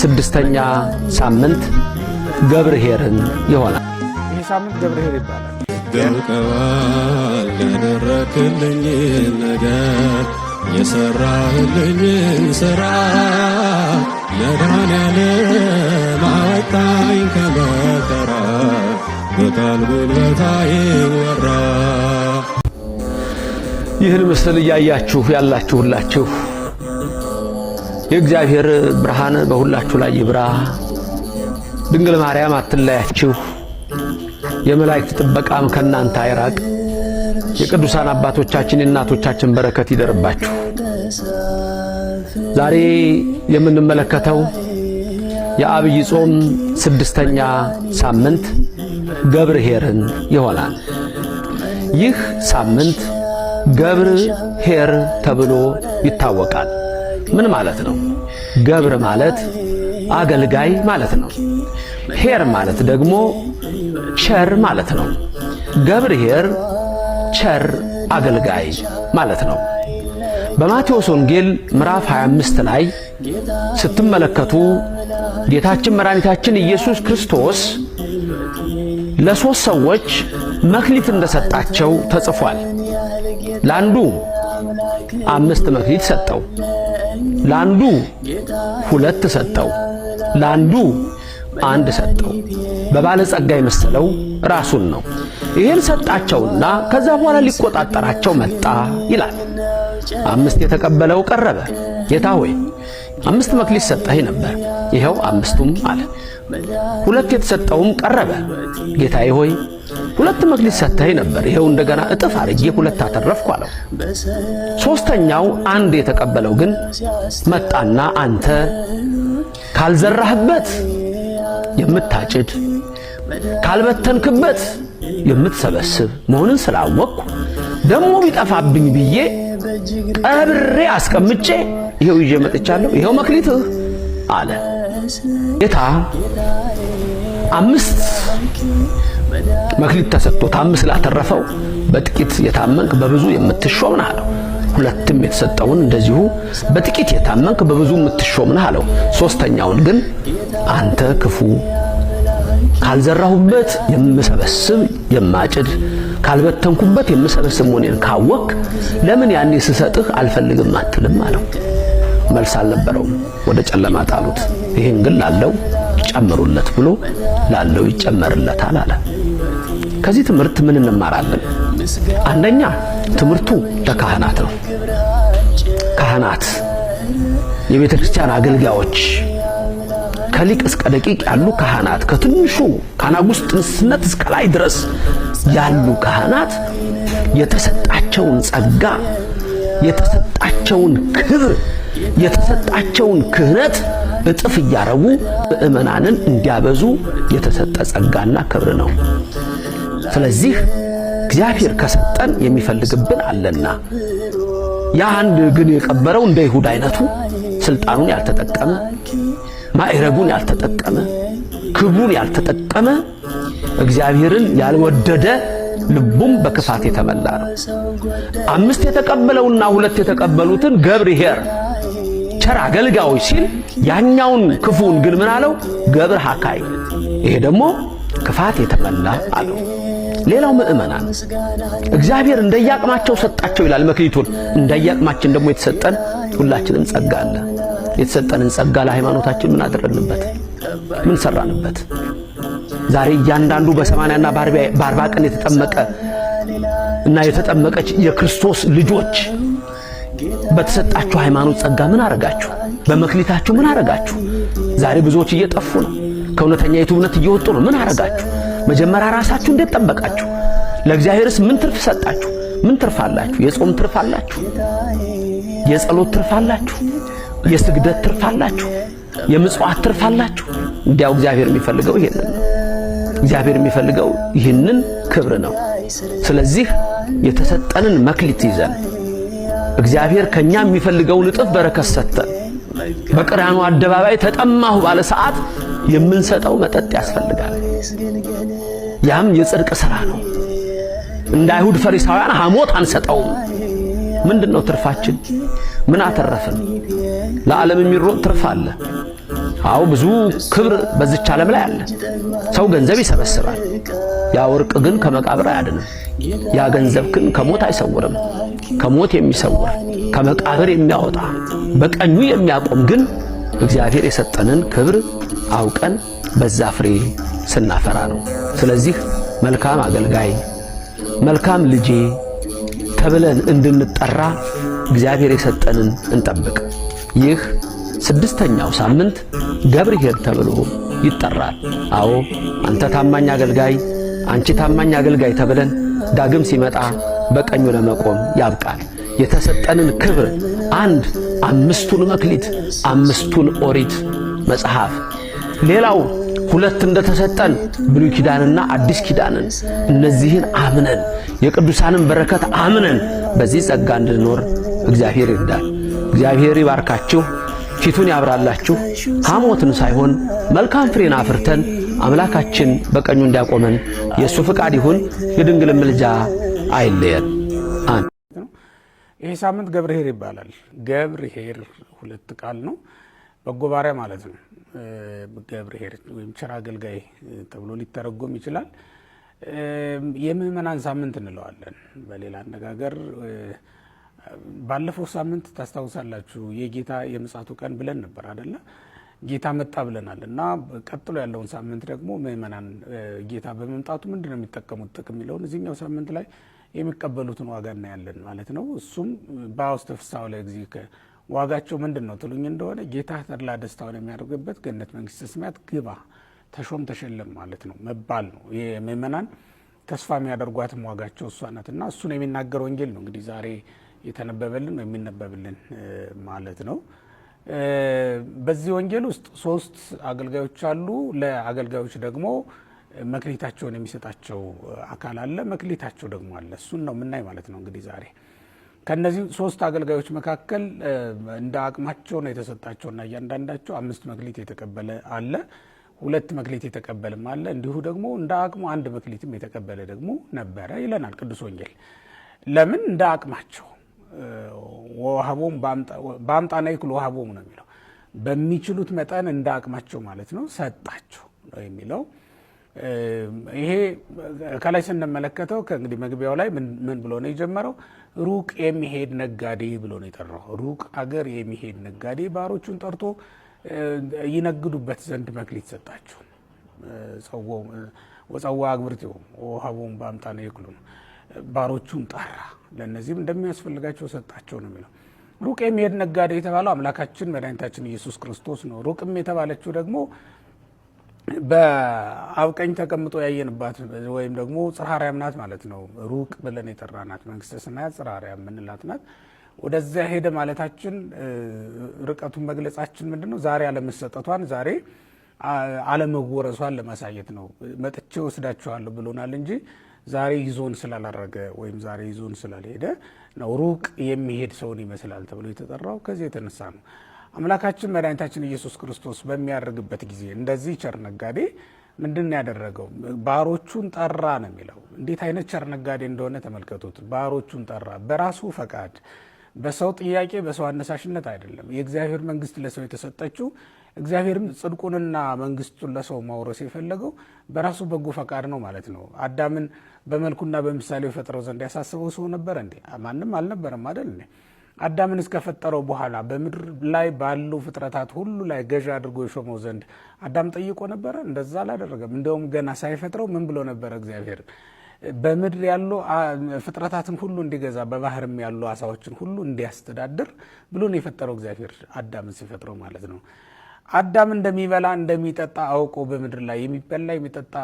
ስድስተኛ ሳምንት ገብርኄርን ይሆናል። ይህ ሳምንት ገብርኄር ይባላል። ደምቀዋል ያደረክልኝ ነገር የሰራህልኝን ስራ መድኃኔዓለም አወጣኝ ከመከራ በቃል ጉልበታዬ ወራ ይህን ምስል እያያችሁ ያላችሁላችሁ የእግዚአብሔር ብርሃን በሁላችሁ ላይ ይብራ። ድንግል ማርያም አትለያችሁ፣ የመላእክት ጥበቃም ከእናንተ አይራቅ። የቅዱሳን አባቶቻችን የእናቶቻችን በረከት ይደርባችሁ። ዛሬ የምንመለከተው የአብይ ጾም ስድስተኛ ሳምንት ገብር ኄርን ይሆናል። ይህ ሳምንት ገብር ኄር ተብሎ ይታወቃል። ምን ማለት ነው? ገብር ማለት አገልጋይ ማለት ነው። ሄር ማለት ደግሞ ቸር ማለት ነው። ገብር ሄር ቸር አገልጋይ ማለት ነው። በማቴዎስ ወንጌል ምዕራፍ 25 ላይ ስትመለከቱ ጌታችን መድኃኒታችን ኢየሱስ ክርስቶስ ለሶስት ሰዎች መክሊት እንደሰጣቸው ተጽፏል። ለአንዱ አምስት መክሊት ሰጠው። ለአንዱ ሁለት ሰጠው፣ ለአንዱ አንድ ሰጠው። በባለጸጋ የመሰለው ራሱን ነው። ይህን ሰጣቸውና ከዛ በኋላ ሊቆጣጠራቸው መጣ ይላል። አምስት የተቀበለው ቀረበ። ጌታ ሆይ አምስት መክሊት ሰጠህ ነበር፣ ይኸው አምስቱም አለ። ሁለት የተሰጠውም ቀረበ። ጌታዬ ሆይ ሁለት መክሊት ሰጥተኸኝ ነበር፣ ይኸው እንደገና እጥፍ አድርጌ ሁለት አተረፍኩ አለው። ሶስተኛው አንድ የተቀበለው ግን መጣና አንተ ካልዘራህበት የምታጭድ ካልበተንክበት የምትሰበስብ መሆንን ስላወቅኩ ደግሞ ቢጠፋብኝ ብዬ ቀብሬ አስቀምጬ ይሄው ይዤ መጥቻለሁ፣ ይኸው መክሊትህ አለ ጌታ አምስት መክሊት ተሰጥቶ ታም ስላተረፈው በጥቂት የታመንክ በብዙ የምትሾም ነህ አለው። ሁለትም የተሰጠውን እንደዚሁ በጥቂት የታመንክ በብዙ የምትሾም ነህ አለው። ሶስተኛውን ግን አንተ ክፉ ካልዘራሁበት የምሰበስብ የማጭድ ካልበተንኩበት የምሰበስብ መሆኔን ካወቅ ለምን ያኔ ስሰጥህ አልፈልግም አትልም አለው። መልስ አልነበረውም። ወደ ጨለማ ጣሉት። ይህን ግን ላለው ጨምሩለት ብሎ ላለው ይጨመርለታል አለ። ከዚህ ትምህርት ምን እንማራለን? አንደኛ ትምህርቱ ለካህናት ነው። ካህናት የቤተ ክርስቲያን አገልጋዮች ከሊቅ እስከ ደቂቅ ያሉ ካህናት ከትንሹ ከአናጉስጥስነት እስከ ላይ ድረስ ያሉ ካህናት የተሰጣቸውን ጸጋ፣ የተሰጣቸውን ክብር፣ የተሰጣቸውን ክህነት እጥፍ እያረጉ ምእመናንን እንዲያበዙ የተሰጠ ጸጋና ክብር ነው። ስለዚህ እግዚአብሔር ከሰጠን የሚፈልግብን አለና ያ አንድ ግን የቀበረው እንደ ይሁዳ አይነቱ ስልጣኑን ያልተጠቀመ ማዕረጉን ያልተጠቀመ ክብሩን ያልተጠቀመ እግዚአብሔርን ያልወደደ ልቡም በክፋት የተመላ ነው። አምስት የተቀበለውና ሁለት የተቀበሉትን ገብር ቸር አገልጋዮች ሲል ያኛውን ክፉውን ግን ምን አለው? ገብር ሀካይ። ይሄ ደግሞ ክፋት የተመላ አለው። ሌላው ምእመናን እግዚአብሔር እንደየአቅማቸው ሰጣቸው ይላል መክሊቱን። እንደየአቅማችን ደግሞ የተሰጠን ሁላችንም ጸጋ አለ። የተሰጠንን ጸጋ ለሃይማኖታችን ምን አደረግንበት? ምን ሰራንበት? ዛሬ እያንዳንዱ በሰማንያና በአርባ ቀን የተጠመቀ እና የተጠመቀች የክርስቶስ ልጆች በተሰጣችሁ ሃይማኖት ጸጋ ምን አረጋችሁ? በመክሊታችሁ ምን አረጋችሁ? ዛሬ ብዙዎች እየጠፉ ነው። ከእውነተኛ የቱ እውነት እየወጡ ነው። ምን አረጋችሁ? መጀመሪያ ራሳችሁ እንዴት ጠበቃችሁ? ለእግዚአብሔርስ ምን ትርፍ ሰጣችሁ? ምን ትርፍ አላችሁ? የጾም ትርፍ አላችሁ? የጸሎት ትርፍ አላችሁ? የስግደት ትርፍ አላችሁ? የምጽዋት ትርፍ አላችሁ? እንዲያው እግዚአብሔር የሚፈልገው ይሄንን ነው። እግዚአብሔር የሚፈልገው ይህንን ክብር ነው። ስለዚህ የተሰጠንን መክሊት ይዘን እግዚአብሔር ከኛ የሚፈልገውን እጥፍ በረከት ሰጠን። በቅራኑ አደባባይ ተጠማሁ ባለ ሰዓት የምንሰጠው መጠጥ ያስፈልጋል። ያም የጽድቅ ሥራ ነው። እንደ አይሁድ ፈሪሳውያን ሐሞት አንሰጠውም። ምንድን ነው ትርፋችን? ምን አተረፍን? ለዓለም የሚሮጥ ትርፍ አለ። አዎ ብዙ ክብር በዚች ዓለም ላይ አለ። ሰው ገንዘብ ይሰበስባል። ያ ወርቅ ግን ከመቃብር አያድንም። ያ ገንዘብ ግን ከሞት አይሰውርም። ከሞት የሚሰውር ከመቃብር የሚያወጣ በቀኙ የሚያቆም ግን እግዚአብሔር የሰጠንን ክብር አውቀን በዛ ፍሬ ስናፈራ ነው። ስለዚህ መልካም አገልጋይ፣ መልካም ልጄ ተብለን እንድንጠራ እግዚአብሔር የሰጠንን እንጠብቅ። ይህ ስድስተኛው ሳምንት ገብርኄር ተብሎ ይጠራል። አዎ አንተ ታማኝ አገልጋይ፣ አንቺ ታማኝ አገልጋይ ተብለን ዳግም ሲመጣ በቀኙ ለመቆም ያብቃል። የተሰጠንን ክብር አንድ አምስቱን መክሊት አምስቱን ኦሪት መጽሐፍ ሌላው ሁለት እንደተሰጠን ብሉይ ኪዳንና አዲስ ኪዳንን እነዚህን አምነን የቅዱሳንን በረከት አምነን በዚህ ጸጋ እንድንኖር እግዚአብሔር ይርዳል። እግዚአብሔር ይባርካችሁ፣ ፊቱን ያብራላችሁ። ሐሞትን ሳይሆን መልካም ፍሬን አፍርተን አምላካችን በቀኙ እንዲያቆመን የእሱ ፍቃድ ይሁን። የድንግል ምልጃ አይለየን። ይሄ ሳምንት ገብርሄር ይባላል። ገብርሄር ሁለት ቃል ነው፣ በጎ ባሪያ ማለት ነው። ገብርሄር ወይም ቸር አገልጋይ ተብሎ ሊተረጎም ይችላል። የምእመናን ሳምንት እንለዋለን። በሌላ አነጋገር ባለፈው ሳምንት ታስታውሳላችሁ የጌታ የምጻቱ ቀን ብለን ነበር አደለ? ጌታ መጣ ብለናል እና ቀጥሎ ያለውን ሳምንት ደግሞ ምእመናን ጌታ በመምጣቱ ምንድን ነው የሚጠቀሙት ጥቅም የሚለውን እዚህኛው ሳምንት ላይ የሚቀበሉትን ዋጋ እናያለን ማለት ነው። እሱም በውስተ ላይ ጊዜ ዋጋቸው ምንድን ነው ትሉኝ እንደሆነ ጌታ ተድላ ደስታውን የሚያደርግበት ገነት መንግሥተ ሰማያት ግባ፣ ተሾም፣ ተሸለም ማለት ነው መባል ነው። የምእመናን ተስፋ የሚያደርጓትም ዋጋቸው እሷ ናት እና እሱን የሚናገር ወንጌል ነው እንግዲህ ዛሬ የተነበበልን የሚነበብልን ማለት ነው። በዚህ ወንጌል ውስጥ ሶስት አገልጋዮች አሉ። ለአገልጋዮች ደግሞ መክሊታቸውን የሚሰጣቸው አካል አለ። መክሊታቸው ደግሞ አለ። እሱን ነው የምናይ ማለት ነው። እንግዲህ ዛሬ ከነዚህ ሶስት አገልጋዮች መካከል እንደ አቅማቸው ነው የተሰጣቸውና እያንዳንዳቸው አምስት መክሊት የተቀበለ አለ፣ ሁለት መክሊት የተቀበልም አለ፣ እንዲሁ ደግሞ እንደ አቅሙ አንድ መክሊትም የተቀበለ ደግሞ ነበረ ይለናል ቅዱስ ወንጌል። ለምን እንደ አቅማቸው ወሀቦም በአምጣና ይክል ወሀቦም ነው የሚለው በሚችሉት መጠን እንደ አቅማቸው ማለት ነው ሰጣቸው ነው የሚለው ይሄ ከላይ ስንመለከተው ከእንግዲህ መግቢያው ላይ ምን ብሎ ነው የጀመረው? ሩቅ የሚሄድ ነጋዴ ብሎ ነው የጠራው። ሩቅ አገር የሚሄድ ነጋዴ ባሮቹን ጠርቶ ይነግዱበት ዘንድ መክሊት ሰጣቸው። ወፀዋ አግብርቲሁ ወሀቦሙ በአምጣነ የክሉኑ ባሮቹን ጠራ፣ ለእነዚህም እንደሚያስፈልጋቸው ሰጣቸው ነው የሚለው። ሩቅ የሚሄድ ነጋዴ የተባለው አምላካችን መድኃኒታችን ኢየሱስ ክርስቶስ ነው። ሩቅም የተባለችው ደግሞ በአብቀኝ ተቀምጦ ያየንባት ወይም ደግሞ ጽራሪያም ናት ማለት ነው። ሩቅ ብለን የጠራናት መንግስት ስናያት ጽራሪያም የምንላት ናት። ወደዚያ ሄደ ማለታችን ርቀቱን መግለጻችን ምንድን ነው? ዛሬ አለመሰጠቷን ዛሬ አለመወረሷን ለማሳየት ነው። መጥቼ ወስዳችኋለሁ ብሎናል እንጂ ዛሬ ይዞን ስላላረገ ወይም ዛሬ ይዞን ስላልሄደ ነው ሩቅ የሚሄድ ሰውን ይመስላል ተብሎ የተጠራው ከዚህ የተነሳ ነው። አምላካችን መድኃኒታችን ኢየሱስ ክርስቶስ በሚያደርግበት ጊዜ እንደዚህ ቸር ነጋዴ ምንድን ያደረገው ባሮቹን ጠራ ነው የሚለው። እንዴት አይነት ቸር ነጋዴ እንደሆነ ተመልከቱት። ባሮቹን ጠራ በራሱ ፈቃድ፣ በሰው ጥያቄ፣ በሰው አነሳሽነት አይደለም። የእግዚአብሔር መንግስት ለሰው የተሰጠችው እግዚአብሔርም ጽድቁንና መንግስቱን ለሰው ማውረስ የፈለገው በራሱ በጎ ፈቃድ ነው ማለት ነው። አዳምን በመልኩና በምሳሌው ፈጥረው ዘንድ ያሳስበው ሰው ነበረ እንዴ? ማንም አልነበረም አይደል? አዳምን እስከፈጠረው በኋላ በምድር ላይ ባሉ ፍጥረታት ሁሉ ላይ ገዥ አድርጎ የሾመው ዘንድ አዳም ጠይቆ ነበረ? እንደዛ አላደረገም። እንደውም ገና ሳይፈጥረው ምን ብሎ ነበረ? እግዚአብሔር በምድር ያሉ ፍጥረታትን ሁሉ እንዲገዛ፣ በባህርም ያሉ አሳዎችን ሁሉ እንዲያስተዳድር ብሎ ነው የፈጠረው እግዚአብሔር አዳምን ሲፈጥረው ማለት ነው። አዳም እንደሚበላ እንደሚጠጣ አውቆ በምድር ላይ የሚበላ የሚጠጣ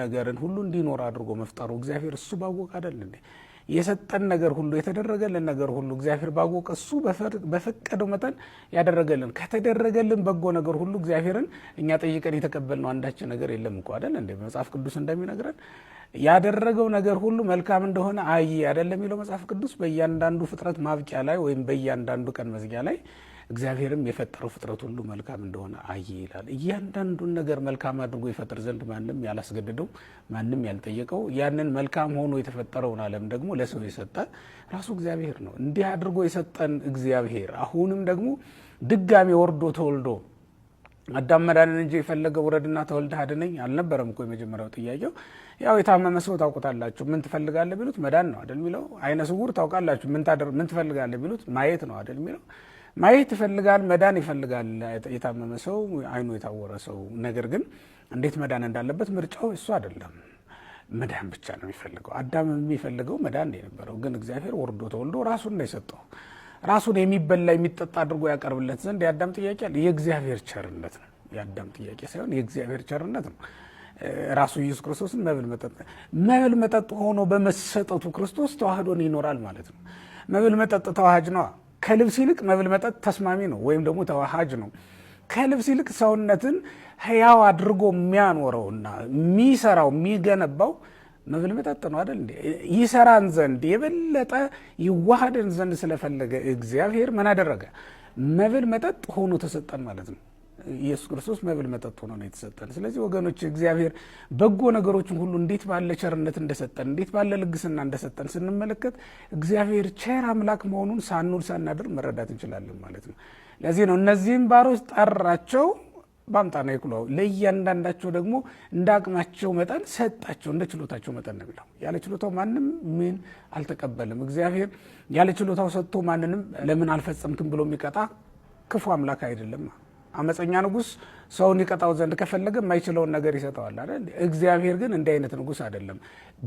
ነገርን ሁሉ እንዲኖር አድርጎ መፍጠሩ እግዚአብሔር እሱ ባወቅ አይደል እንዴ? የሰጠን ነገር ሁሉ የተደረገልን ነገር ሁሉ እግዚአብሔር ባወቀ እሱ በፈቀደው መጠን ያደረገልን ከተደረገልን በጎ ነገር ሁሉ እግዚአብሔርን እኛ ጠይቀን የተቀበልነው አንዳችን ነገር የለም እኮ አይደል እንደ መጽሐፍ ቅዱስ እንደሚነግረን ያደረገው ነገር ሁሉ መልካም እንደሆነ አይ አይደለም የሚለው መጽሐፍ ቅዱስ በእያንዳንዱ ፍጥረት ማብቂያ ላይ ወይም በእያንዳንዱ ቀን መዝጊያ ላይ እግዚአብሔርም የፈጠረው ፍጥረት ሁሉ መልካም እንደሆነ አየ ይላል። እያንዳንዱን ነገር መልካም አድርጎ ይፈጥር ዘንድ ማንም ያላስገድደው፣ ማንም ያልጠየቀው ያንን መልካም ሆኖ የተፈጠረውን ዓለም ደግሞ ለሰው የሰጠ ራሱ እግዚአብሔር ነው። እንዲህ አድርጎ የሰጠን እግዚአብሔር አሁንም ደግሞ ድጋሜ ወርዶ ተወልዶ አዳም መዳንን እንጂ የፈለገው ውረድና ተወልደ አድነኝ አልነበረም እኮ የመጀመሪያው ጥያቄው። ያው የታመመ ሰው ታውቁታላችሁ፣ ምን ትፈልጋለህ ቢሉት መዳን ነው አደል የሚለው። አይነ ስውር ታውቃላችሁ፣ ምን ትፈልጋለህ ቢሉት ማየት ነው አደል የሚለው። ማየት ይፈልጋል፣ መዳን ይፈልጋል። የታመመ ሰው አይኑ የታወረ ሰው ነገር ግን እንዴት መዳን እንዳለበት ምርጫው እሱ አይደለም። መዳን ብቻ ነው የሚፈልገው። አዳም የሚፈልገው መዳን ነው የነበረው ግን እግዚአብሔር ወርዶ ተወልዶ ራሱን ነው የሰጠው። ራሱን የሚበላ የሚጠጣ አድርጎ ያቀርብለት ዘንድ የአዳም ጥያቄ አለ። የእግዚአብሔር ቸርነት ነው። የአዳም ጥያቄ ሳይሆን የእግዚአብሔር ቸርነት ነው። ራሱ ኢየሱስ ክርስቶስን መብል መጠጥ መብል መጠጥ ሆኖ በመሰጠቱ ክርስቶስ ተዋህዶን ይኖራል ማለት ነው። መብል መጠጥ ተዋህጅ ነዋ። ከልብስ ይልቅ መብል መጠጥ ተስማሚ ነው ወይም ደግሞ ተዋሃጅ ነው። ከልብስ ይልቅ ሰውነትን ህያው አድርጎ የሚያኖረውና የሚሰራው የሚገነባው መብል መጠጥ ነው አይደል ይሰራን ዘንድ የበለጠ ይዋሃደን ዘንድ ስለፈለገ እግዚአብሔር ምን አደረገ? መብል መጠጥ ሆኖ ተሰጠን ማለት ነው። ኢየሱስ ክርስቶስ መብል መጠጥ ሆኖ ነው የተሰጠን። ስለዚህ ወገኖች እግዚአብሔር በጎ ነገሮችን ሁሉ እንዴት ባለ ቸርነት እንደሰጠን እንዴት ባለ ልግስና እንደሰጠን ስንመለከት እግዚአብሔር ቸር አምላክ መሆኑን ሳንውል ሳናድር መረዳት እንችላለን ማለት ነው። ለዚህ ነው እነዚህም ባሮች ጠራቸው፣ ባምጣና የኩላው ለእያንዳንዳቸው ደግሞ እንደ አቅማቸው መጠን ሰጣቸው፣ እንደ ችሎታቸው መጠን ነው የሚለው። ያለ ችሎታው ማንም ምን አልተቀበልም። እግዚአብሔር ያለ ችሎታው ሰጥቶ ማንንም ለምን አልፈጸምክም ብሎ የሚቀጣ ክፉ አምላክ አይደለም። አመፀኛ ንጉስ ሰውን ይቀጣው ዘንድ ከፈለገ የማይችለውን ነገር ይሰጠዋል አይደል። እግዚአብሔር ግን እንዲህ አይነት ንጉስ አይደለም።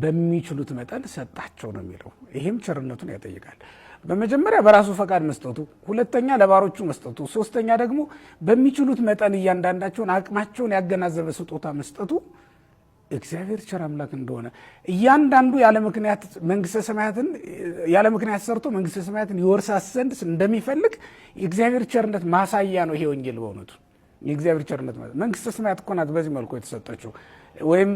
በሚችሉት መጠን ሰጣቸው ነው የሚለው። ይህም ቸርነቱን ያጠይቃል። በመጀመሪያ በራሱ ፈቃድ መስጠቱ፣ ሁለተኛ ለባሮቹ መስጠቱ፣ ሶስተኛ ደግሞ በሚችሉት መጠን እያንዳንዳቸውን አቅማቸውን ያገናዘበ ስጦታ መስጠቱ እግዚአብሔር ቸር አምላክ እንደሆነ እያንዳንዱ ያለ ምክንያት መንግስተ ሰማያትን ያለ ምክንያት ሰርቶ መንግስተ ሰማያትን ይወርሳት ዘንድ እንደሚፈልግ የእግዚአብሔር ቸርነት ማሳያ ነው ይሄ ወንጌል። በእውነቱ የእግዚአብሔር ቸርነት መንግስተ ሰማያት እኮ ናት በዚህ መልኩ የተሰጠችው ወይም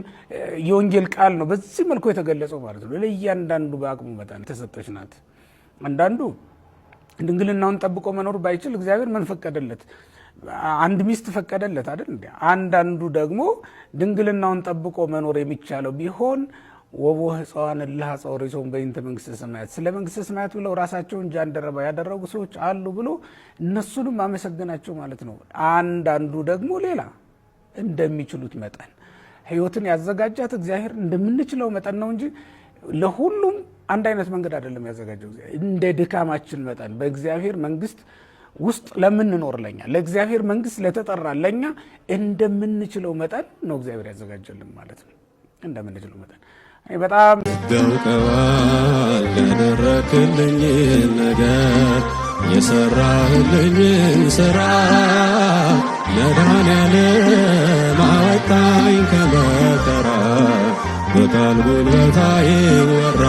የወንጌል ቃል ነው በዚህ መልኩ የተገለጸው ማለት ነው። ለእያንዳንዱ በአቅሙ መጠን የተሰጠች ናት። አንዳንዱ ድንግልናውን ጠብቆ መኖር ባይችል እግዚአብሔር ምን ፈቀደለት? አንድ ሚስት ፈቀደለት አይደል እንዴ? አንዳንዱ ደግሞ ድንግልናውን ጠብቆ መኖር የሚቻለው ቢሆን ወቦ ሕፃዋን እልሃ ጸውሪሶም በይንተ መንግስተ ሰማያት፣ ስለ መንግስተ ሰማያት ብለው ራሳቸውን ጃንደረባ ያደረጉ ሰዎች አሉ ብሎ እነሱንም አመሰግናቸው ማለት ነው። አንዳንዱ ደግሞ ሌላ እንደሚችሉት መጠን ህይወትን ያዘጋጃት እግዚአብሔር እንደምንችለው መጠን ነው እንጂ ለሁሉም አንድ አይነት መንገድ አይደለም ያዘጋጀው። እንደ ድካማችን መጠን በእግዚአብሔር መንግስት ውስጥ ለምንኖር ለኛ ለእግዚአብሔር መንግስት ለተጠራ ለኛ እንደምንችለው መጠን ነው እግዚአብሔር ያዘጋጀልን ማለት ነው። እንደምንችለው መጠን በጣም ደውቀዋል ያደረክልኝ ነገር የሰራህልኝን ስራ መድኃኔዓለም አወጣኝ ከመከራ በቃል ጉልበታዬ ወራ